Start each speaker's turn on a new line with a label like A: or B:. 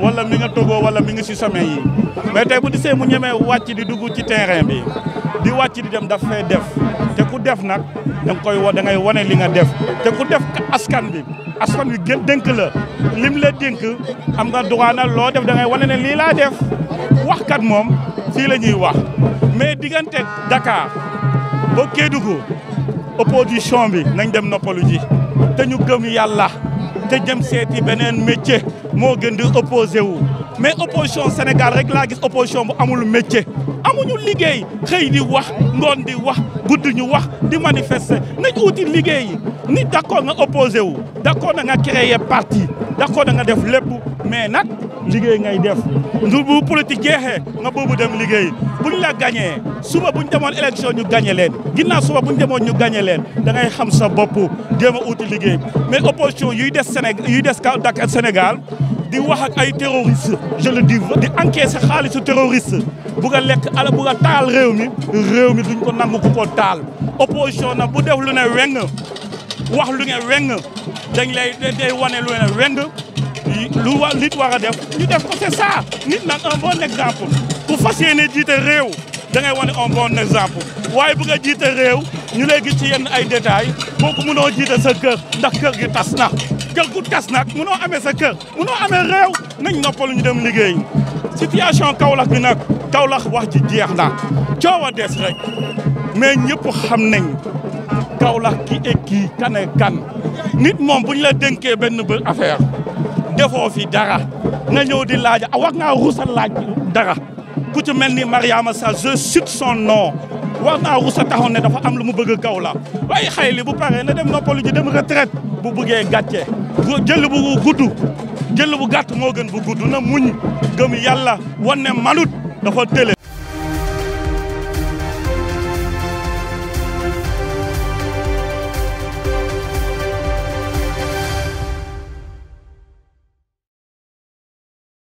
A: wala mi nga togoo wala mi nga si sommet yi mais tey bu di see mu ñemee wàcc di dugg ci terrain bi di wàcc di dem dafa fee def te ku def nag da koy wo da ngay wane li nga def te ku def askan bi askan wi gën dénk la lim la dénk am nga droit na loo def dangay wane ne lii laa def waxkat moom fii la ñuy wax mais diggante dakaar ba Kédougou opposition bi nañ dem noppalu ji te ñu gëm yàlla te l'opposition seeti métier je opposé wu mais opposition Sénégal rek laa gis opposition bu métier amuñu wax di wax ñu wax di manifester Elle d'accord Elle opposé wu d'accord na parti d'accord da nga def lépp mais nag liggéey ngay def ndu bu politique jeexee nga boobu dem liggéey bu buñ la gañee suba buñ demoon élection ñu gañe leen ginnaaw bu ñu demoon ñu gañe leen da ngay xam sa bopp jéem a uti liggéey mais opposition yuy des Sénégal yuy des dak Sénégal di wax ak ay terroriste je le dis di encaisser xaalisu terroriste bu nga lekk ala bu nga taal réew mi réew mi duñ ko nangu ku ko taal opposition na bu def lu ne weng wax lu ne weng dañ lay day wane lu ne weng lu wa nit war a def ñu def ko c'est ça nit nag un bon exemple fas yéene jiite réew da ngay wane un bon exemple waaye bu nga jiite réew ñu lay ci yenn ay détails boo ko mënoo jiite sa kër ndax kër gi tas na kër gu tas nag mënoo amee sa kër mënoo amee réew nañ noppalu ñu dem liggéey situation Kaolack bi nag Kaolack wax ji jeex na coow a des rek mais ñëpp xam nañ Kaolack ki et kii kan ak nit moom bu ñu la dénkee benn bë affaire defoo fi dara nga ñëw di laaj a ah, war ngaa rusa laaj dara ku ci mel ni Mariama sa je cite son nom war naa rusa taxaw ne dafa am lu mu bëgg Kaolack waaye xay li bu paree na dem noppalu ji dem retraite bu bëggee gàcce jël bu gudd jël bu gàtt moo gën bu gudd na muñ gëm yàlla wan ne manut dafa tële